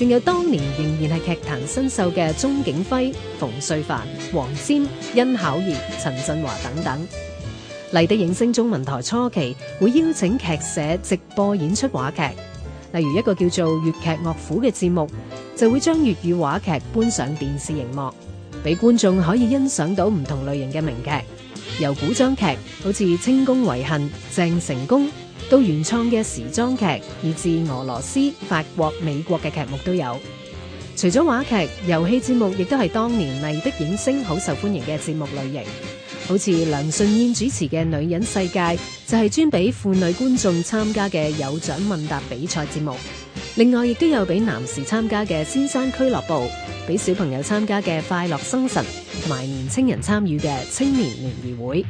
仲有當年仍然係劇壇新秀嘅鍾景輝、馮淬帆、黃霑、殷巧兒、陳振華等等。麗的映聲中文台初期會邀請劇社直播演出話劇，例如一個叫做《粵劇樂府》嘅節目，就會將粵語話劇搬上電視熒幕，俾觀眾可以欣賞到唔同類型嘅名劇，由古裝劇好似《清宮遺恨》、鄭成功。到原創嘅時裝劇，以至俄羅斯、法國、美國嘅劇目都有。除咗話劇、遊戲節目，亦都係當年麗的影星好受歡迎嘅節目類型。好似梁舜燕主持嘅《女人世界》，就係、是、專俾婦女觀眾參加嘅有獎問答比賽節目。另外，亦都有俾男士參加嘅《先生俱樂部》，俾小朋友參加嘅《快樂生神》，同埋年青人參與嘅《青年聯誼會》。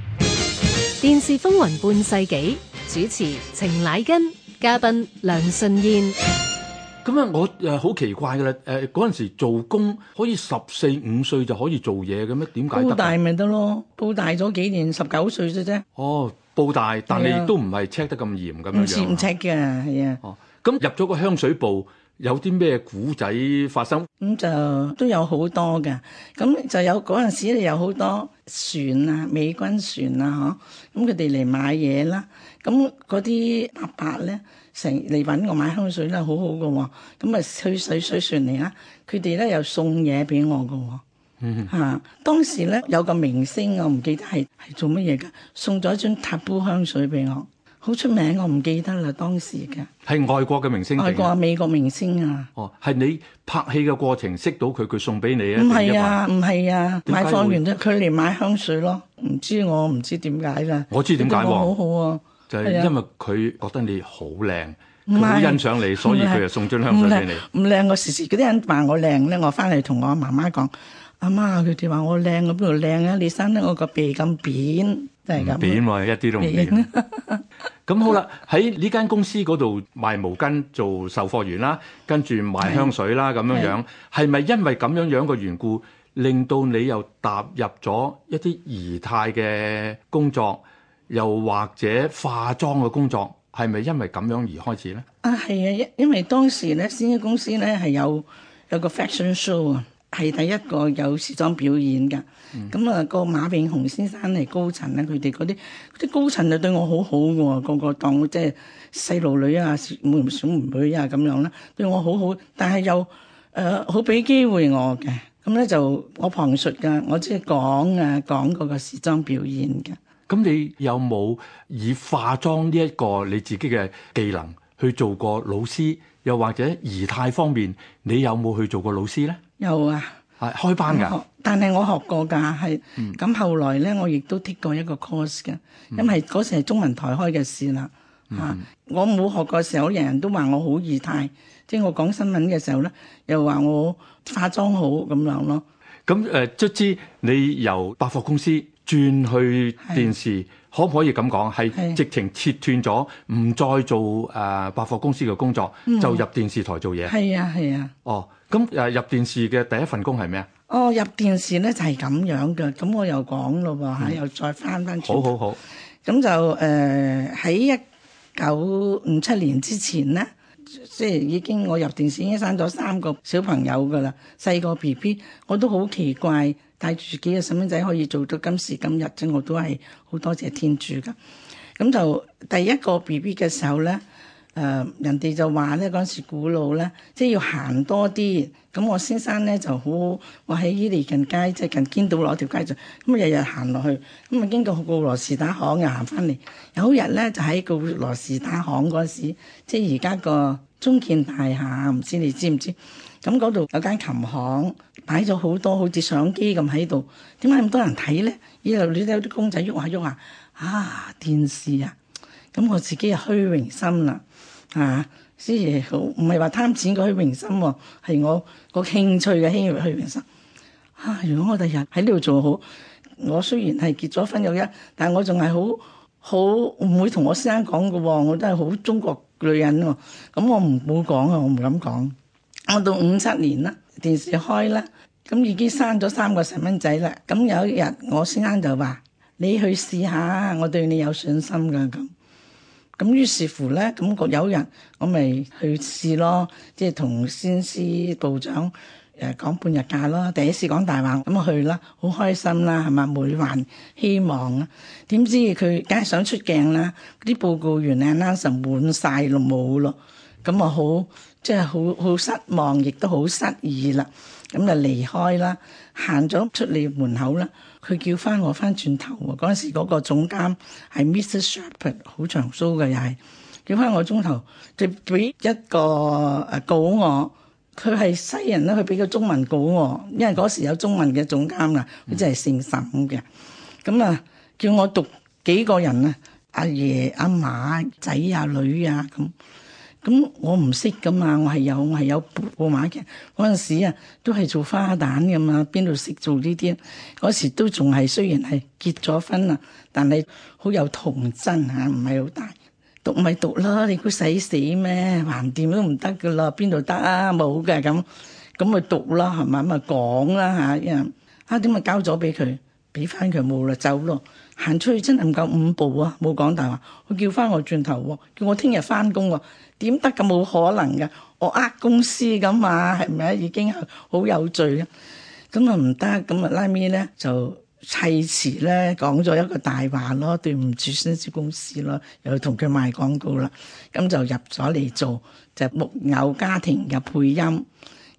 電視風雲半世紀。主持程乃根，嘉賓梁舜燕。咁啊，我誒好奇怪噶啦。誒、呃，嗰陣時做工可以十四五歲就可以做嘢嘅咩？點解？報大咪得咯，報大咗幾年，十九歲啫啫。哦，報大，但係都唔係 check 得咁嚴咁樣。唔唔 check 噶，係啊。哦，咁入咗個香水部，有啲咩古仔發生？咁就都有好多噶。咁就有嗰陣時有好多船啊，美軍船啊，嗬。咁佢哋嚟買嘢啦。咁嗰啲阿伯咧，成嚟揾我買香水咧，好好噶喎。咁啊去水水船嚟啊，佢哋咧又送嘢俾我噶喎。嗯，嚇、嗯！當時咧有個明星，我唔記得係係做乜嘢噶，送咗樽塔布香水俾我，好出名，我唔記得啦。當時嘅係外國嘅明星，外國美國明星啊。哦，係你拍戲嘅過程識到佢，佢送俾你啊？唔係啊，唔係啊，買貨完咗，佢嚟買香水咯。唔知我唔知點解啦。我知點解、啊、好好、啊、喎。就係因為佢覺得你好靚，佢好是欣賞你，所以佢就送樽香水俾你。唔靚，我時時嗰啲人話我靚咧，我翻嚟同我媽媽講：阿媽，佢哋話我靚，邊度靚啊！你生得我個鼻咁扁，真係咁。扁喎、啊，一啲都唔靚。咁 好啦，喺呢間公司嗰度賣毛巾做售貨員啦，跟住賣香水啦咁是樣樣，係咪是因為咁樣樣嘅緣故，令到你又踏入咗一啲儀態嘅工作？又或者化妝嘅工作，係咪因為咁樣而開始咧？啊，係啊，因因為當時咧，先施公司咧係有有個 fashion show 啊，係第一個有時裝表演嘅。咁啊、嗯，嗯嗰個馬炳雄先生係高層啦，佢哋嗰啲啲高層就對我好好、啊、喎，個個當即係細路女啊，妹妹小妹妹啊咁樣啦，對我好好，但係又誒好俾機會我嘅。咁咧就我旁述嘅，我即係講啊講嗰個時裝表演嘅。咁你有冇以化妝呢一個你自己嘅技能去做過老師？又或者儀態方面，你有冇去做過老師咧？有啊，係開班㗎。但係我學過㗎，係咁後來咧，我亦都 take 過一個 course 㗎，因為嗰時係中文台開嘅事啦。啊，我冇學過嘅時候，人人都話我好儀態，即係我講新聞嘅時候咧，又話我化妝好咁樣咯。咁誒，卒之你由百貨公司。轉去電視，是可唔可以咁講？係直情切斷咗，唔再做誒、呃、百貨公司嘅工作，嗯、就入電視台做嘢。係啊，係啊。哦，咁誒入電視嘅第一份工係咩啊？哦，入電視咧就係咁樣嘅，咁我又講咯喎，吓又再翻翻、嗯、好好好，咁就誒喺一九五七年之前咧。即係已經，我入電視已經生咗三個小朋友噶啦。細個 B B 我都好奇怪，帶住幾個細蚊仔可以做到今時今日。啫，我都係好多謝天主噶。咁就第一個 B B 嘅時候咧。誒、呃、人哋就話咧，嗰陣時古老咧，即係要行多啲。咁我先生咧就好，我喺伊利近街，即係近堅道攞條街就咁啊，日日行落去，咁啊經過告羅士打行又行翻嚟。有日咧就喺告羅士打行嗰陣時，即係而家個中建大廈，唔知你知唔知？咁嗰度有間琴行，擺咗好多好似相機咁喺度，點解咁多人睇咧？依度你睇到啲公仔喐下喐下，啊電視啊！咁我自己係虛榮心啦，是是心啊，雖然好唔係話貪錢嗰虛榮心喎，係我個興趣嘅興虛榮心。啊，如果我第日喺呢度做好，我雖然係結咗婚有一，但我仲係好好唔會同我先生講嘅喎。我都係好中國女人喎，咁我唔會講啊，我唔敢講。我到五七年啦，電視開啦，咁已經生咗三個細蚊仔啦。咁有一日我先生就話：你去試下，我對你有信心㗎咁。咁於是乎咧，咁個有一日，我咪去試咯，即係同先師部長誒、呃、講半日假咯。第一次講大話，咁啊去啦，好開心啦，係嘛？每還希望啊，點知佢梗係想出鏡啦，啲報告員咧拉神滿晒咯，冇咯，咁啊好即係好好失望，亦都好失意啦，咁就離開啦，行咗出嚟門口啦。佢叫翻我翻轉頭喎，嗰陣時嗰個總監係 Mr. Shepherd，s 好長須嘅又係叫翻我中頭，就俾一個誒稿我，佢係西人啦，佢俾個中文稿我，因為嗰時有中文嘅總監啦，佢就係姓沈嘅，咁啊叫我讀幾個人啊，阿爺阿嫲仔阿女啊咁。咁我唔識㗎嘛，我係有我係有報報碼嘅嗰陣時啊，都係做花旦㗎嘛，邊度識做呢啲啊？嗰時都仲係雖然係結咗婚啦，但係好有童真嚇，唔係好大，讀咪讀啦！你估使死咩？橫掂都唔得噶啦，邊度得啊？冇嘅，咁咁咪讀啦，係咪？咁咪講啦，嚇啊，點啊，交咗俾佢。俾翻佢冇啦，走咯，行出去真係唔夠五步啊！冇講大話，佢叫翻我轉頭喎，叫我聽日翻工喎，點得咁？冇可能噶？我呃公司咁嘛，係咪啊？已經係好有罪啊！咁啊唔得，咁啊拉咪咧就砌詞咧講咗一個大話咯，對唔住新思公司咯，又同佢賣廣告啦，咁就入咗嚟做就木偶家庭嘅配音，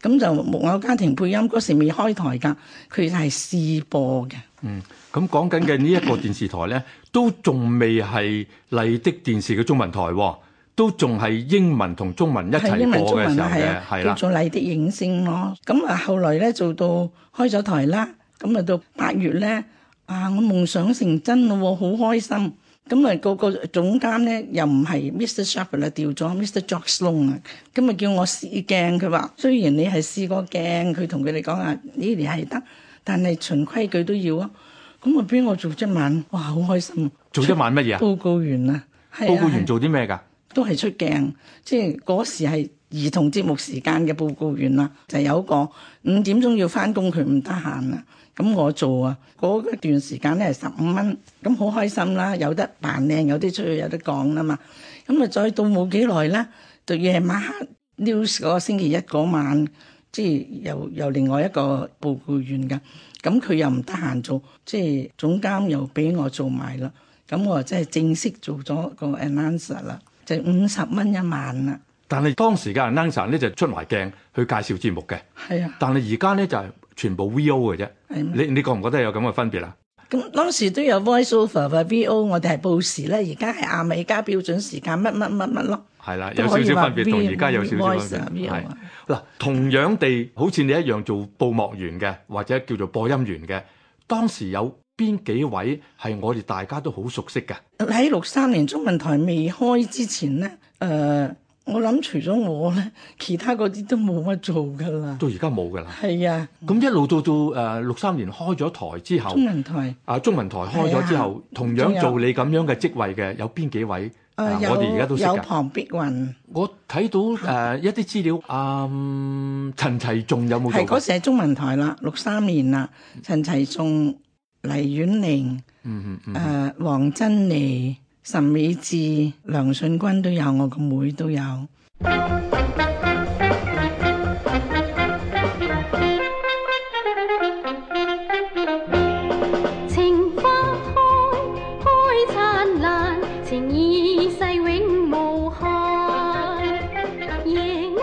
咁就木偶家庭配音嗰時未開台噶，佢係試播嘅。嗯，咁講緊嘅呢一個電視台咧，都仲未係麗的電視嘅中文台，都仲係英文同中文一齊開嘅時候嘅，叫做麗的映聲咯。咁啊，後來咧做到開咗台啦，咁啊到八月咧啊，我夢想成真咯，好開心。咁啊個個總監咧又唔係 Mr Shaffer 啦，調咗 Mr Johnson 啊，咁啊叫我試鏡，佢話雖然你係試過鏡，佢同佢哋講啊，呢年係得。但係循規矩都要啊，咁啊邊個我做一晚，哇好開心！做一晚乜嘢啊？報告員啊，係啊！報告員做啲咩㗎？都係出鏡，即係嗰時係兒童節目時間嘅報告員啦，就是、有一個五點鐘要翻工，佢唔得閒啦，咁我做啊。嗰段時間咧係十五蚊，咁好開心啦，有得扮靚，有啲出去，有得講啊嘛。咁啊，再到冇幾耐咧，就夜晚黑 news 嗰個星期一嗰晚。即係又又另外一個報告員嘅，咁佢又唔得閒做，即係總監又俾我做埋啦，咁我即係正式做咗個 announcer 啦，就五十蚊一晚啦。但係當時嘅 announcer 咧就出埋鏡去介紹節目嘅，係啊。但係而家咧就係、是、全部 VO 嘅啫嗎，你你覺唔覺得有咁嘅分別啊？咁當時都有 voiceover VO，我哋係報時咧，而家係亞美加標準時間乜乜乜乜咯，係啦，有少少分別，同而家有少少分別。嗱 voice, 是、啊，同樣地，好似你一樣做報幕員嘅或者叫做播音員嘅，當時有邊幾位係我哋大家都好熟悉嘅？喺六三年中文台未開之前咧，誒、呃。我諗除咗我咧，其他嗰啲，都冇乜做噶啦。到而家冇噶啦。係啊，咁一路到到誒六三年開咗台之後，中文台啊，中文台開咗之後，啊、同樣做你咁樣嘅職位嘅有邊幾位？我哋而家都識有旁龐碧雲，我睇到誒的、呃、一啲資料，嗯、呃，陳齊仲有冇？係嗰時係中文台啦，六三年啦，陳齊仲、黎婉玲，嗯嗯嗯，誒，黃珍妮。嗯嗯嗯嗯嗯嗯嗯嗯陳美智、梁順君都有，我個妹都有。情花開，開燦爛，情意世永無限。夜鶯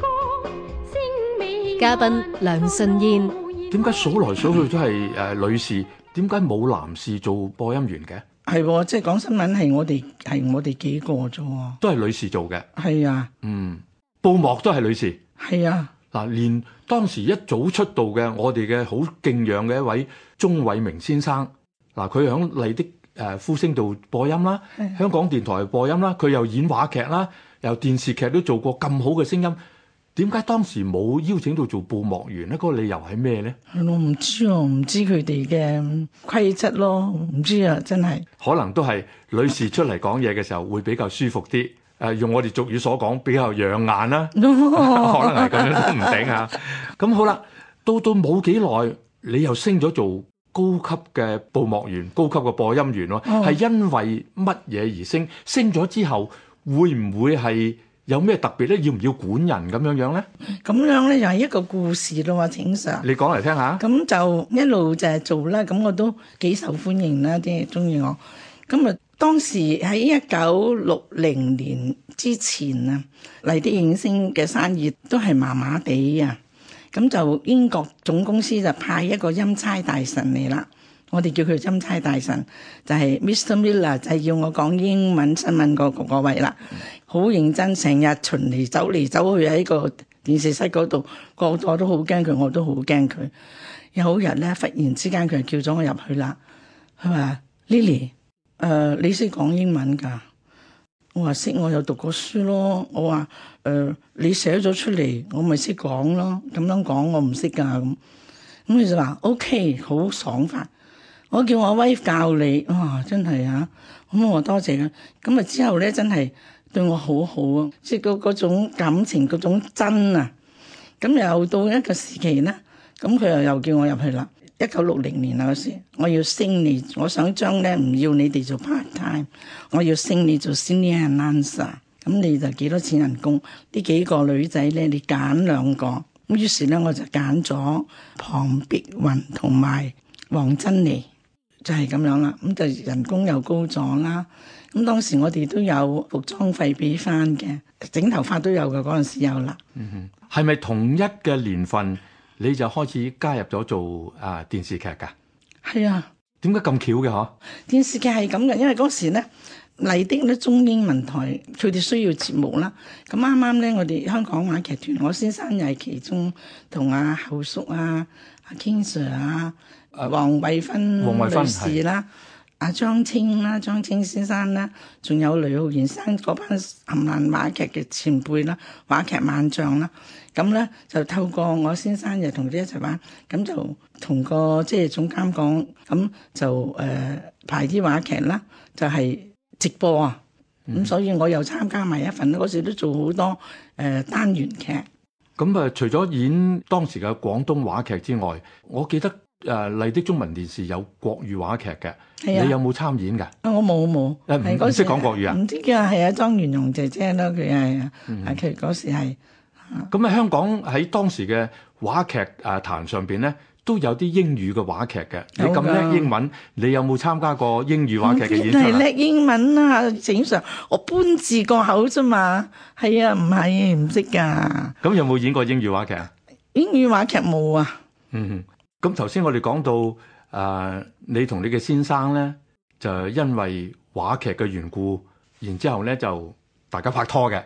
歌，星美。嘉賓梁舜燕，點解數來數去都係誒女士？點解冇男士做播音員嘅？係，即係講新聞係我哋係我哋幾個啫，都係女士做嘅。係啊的，嗯，報幕都係女士。係啊的，嗱，連當時一早出道嘅我哋嘅好敬仰嘅一位鍾偉明先生，嗱，佢響麗的誒呼聲度播音啦，的香港電台播音啦，佢又演話劇啦，又電視劇都做過，咁好嘅聲音。點解當時冇邀請到做報幕員咧？嗰個理由係咩咧？係我唔知哦，唔知佢哋嘅規則咯，唔知啊，真係可能都係女士出嚟講嘢嘅時候會比較舒服啲，誒，用我哋俗語所講比較養眼啦，可能係咁樣都唔定啊。咁好啦，到到冇幾耐，你又升咗做高級嘅報幕員、高級嘅播音員咯，係因為乜嘢而升？升咗之後會唔會係？有咩特別咧？要唔要管人咁樣呢樣咧？咁樣咧又係一個故事咯。喎！請上，你講嚟聽下。咁就一路就係做啦，咁我都幾受歡迎啦，啲人中意我。咁啊，當時喺一九六零年之前啊，嚟啲影星嘅生意都係麻麻地啊。咁就英國總公司就派一個欽差大臣嚟啦。我哋叫佢欽差大臣，就係、是、Mr. Miller，就係要我講英文新聞個個位啦。好、嗯、認真，成日巡嚟走嚟走去喺個電視室嗰度。個個都好驚佢，我都好驚佢。有日咧，忽然之間佢叫咗我入去啦。佢話：Lily，誒你識講英文㗎？我話識，我有讀過書咯。我話誒、呃、你寫咗出嚟，我咪識講咯。咁樣講我唔識㗎咁。咁佢就話：OK，好爽快。我叫我威教你，哇！真係啊，咁我多謝啊。咁啊之後咧，真係對我好好啊，即係嗰嗰種感情，嗰種真啊。咁又到一個時期咧，咁佢又又叫我入去啦。一九六零年啊嗰時，我要升你，我想將咧唔要你哋做 part time，我要升你做 senior announcer。咁你就幾多錢人工？呢幾個女仔咧，你揀兩個。咁於是咧，我就揀咗龐碧雲同埋黃珍妮。就係咁樣啦，咁就人工又高咗啦。咁當時我哋都有服裝費俾翻嘅，整頭髮都有嘅，嗰陣時有啦。嗯哼，係咪同一嘅年份你就開始加入咗做啊電視劇㗎？係啊，點解咁巧嘅呵？電視劇係咁嘅，因為嗰時咧麗的咧中英文台佢哋需要節目啦。咁啱啱咧我哋香港話劇團，我先生又係其中同阿、啊、後叔啊。阿 King Sir 啊，黃慧芬，黃芬女士啦、啊，阿張青啦、張青、啊、先生啦、啊，仲有雷浩然生嗰班冚唪唥話劇嘅前輩啦、啊，話劇萬象啦，咁咧就透過我先生又同佢哋一齊玩，咁就同個即係總監講，咁就誒排啲話劇啦，就係、是呃啊就是、直播啊，咁、嗯嗯、所以我又參加埋一份，嗰時都做好多誒、呃、單元劇。咁啊、嗯，除咗演當時嘅廣東話劇之外，我記得誒、啊、麗的中文電視有國語話劇嘅，啊、你有冇參演㗎？我冇冇，係唔識講國語啊。唔知㗎，係阿莊元榮姐姐咯，佢係、嗯、啊，佢嗰時係。咁啊，香港喺當時嘅話劇誒壇上邊咧，都有啲英語嘅話劇嘅，的你咁叻英文，你有冇參加過英語話劇嘅演出？我叻英文啊！正常，我搬字個口啫嘛，係啊，唔係唔識㗎。咁有冇演過英語話劇啊？英語話劇冇啊。嗯，咁頭先我哋講到誒、呃，你同你嘅先生咧，就因為話劇嘅緣故，然後之後咧就大家拍拖嘅。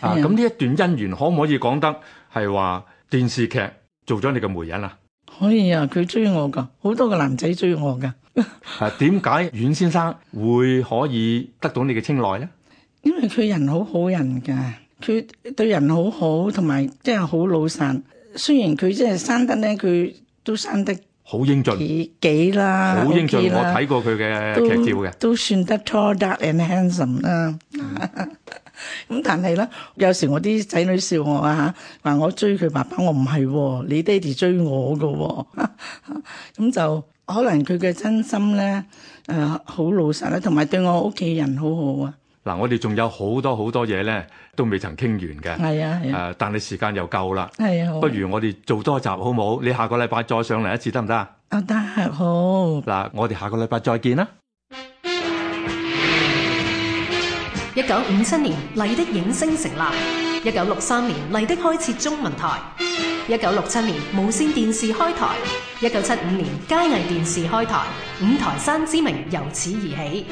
啊，咁、嗯、呢一段姻緣可唔可以講得係話電視劇做咗你嘅媒人啊？可以啊，佢追我噶，好多個男仔追我噶。係點解阮先生會可以得到你嘅青睞咧？ 因為佢人好好人噶，佢對人好好，同埋即係好老實。雖然佢即係生得咧，佢都生得好英俊，自己啦，好英俊。啦我睇過佢嘅劇照嘅，都算得 tall、dark and handsome 啦。 嗯咁但係咧，有時我啲仔女笑我啊，話我追佢爸爸，我唔係。哦，你爹哋追我噶。哦，咁 就可能佢嘅真心咧，誒、呃，好老實啦，同埋對我屋企人好好啊。嗱，我哋仲有好多好多嘢咧，都未曾傾完嘅。係啊，係啊，誒、啊呃，但你時間又夠啦。係啊，不如我哋做多集好唔好？你下個禮拜再上嚟一次得唔得啊？得，好。嗱，我哋下個禮拜再見啦。一九五七年麗的映聲成立，一九六三年麗的開設中文台，一九六七年無綫電視開台，一九七五年佳藝電視開台，五台山之名由此而起。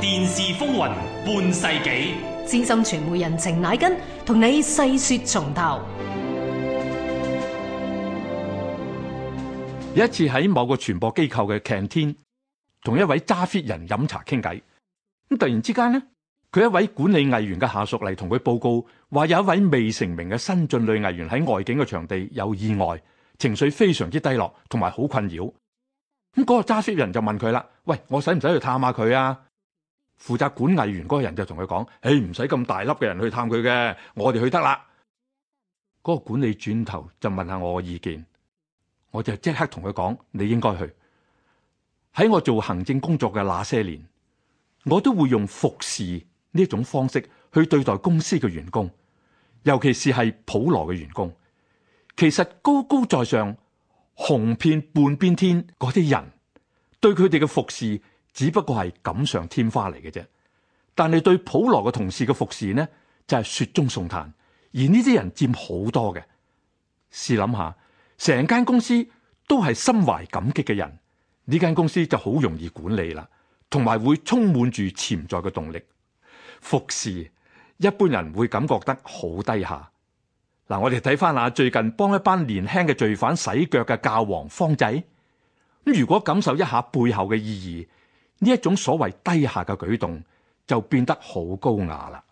電視風雲半世紀，資深傳媒人程乃根同你細說重頭。一次喺某個傳播機構嘅 canteen。同一位揸 fit 人飲茶傾偈，咁突然之間呢，佢一位管理藝員嘅下屬嚟同佢報告，話有一位未成名嘅新晉類藝員喺外景嘅場地有意外，情緒非常之低落，同埋好困擾。咁嗰個揸 fit 人就問佢啦：喂，我使唔使去探下佢啊？負責管藝員嗰個人就同佢講：誒，唔使咁大粒嘅人去探佢嘅，我哋去得啦。嗰個管理轉頭就問下我嘅意見，我就即刻同佢講：你應該去。喺我做行政工作嘅那些年，我都會用服侍呢種方式去對待公司嘅員工，尤其是係普羅嘅員工。其實高高在上、紅遍半邊天嗰啲人，對佢哋嘅服侍只不過係錦上添花嚟嘅啫。但係對普羅嘅同事嘅服侍呢，就係雪中送炭。而呢啲人佔好多嘅，試諗下，成間公司都係心懷感激嘅人。呢間公司就好容易管理啦，同埋會充滿住潛在嘅動力。服侍一般人會感覺得好低下。嗱，我哋睇翻下最近幫一班年輕嘅罪犯洗腳嘅教皇方濟。咁如果感受一下背後嘅意義，呢一種所謂低下嘅舉動就變得好高雅啦。